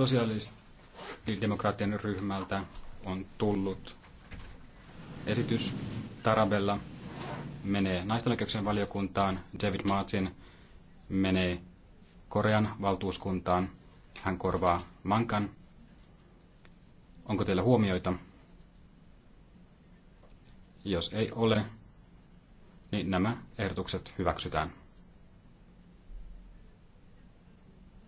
Sosiaalidemokraattien ryhmältä on tullut esitys. Tarabella menee naisten oikeuksien valiokuntaan, David Martin menee Korean valtuuskuntaan. Hän korvaa Mankan. Onko teillä huomioita? Jos ei ole, niin nämä ehdotukset hyväksytään.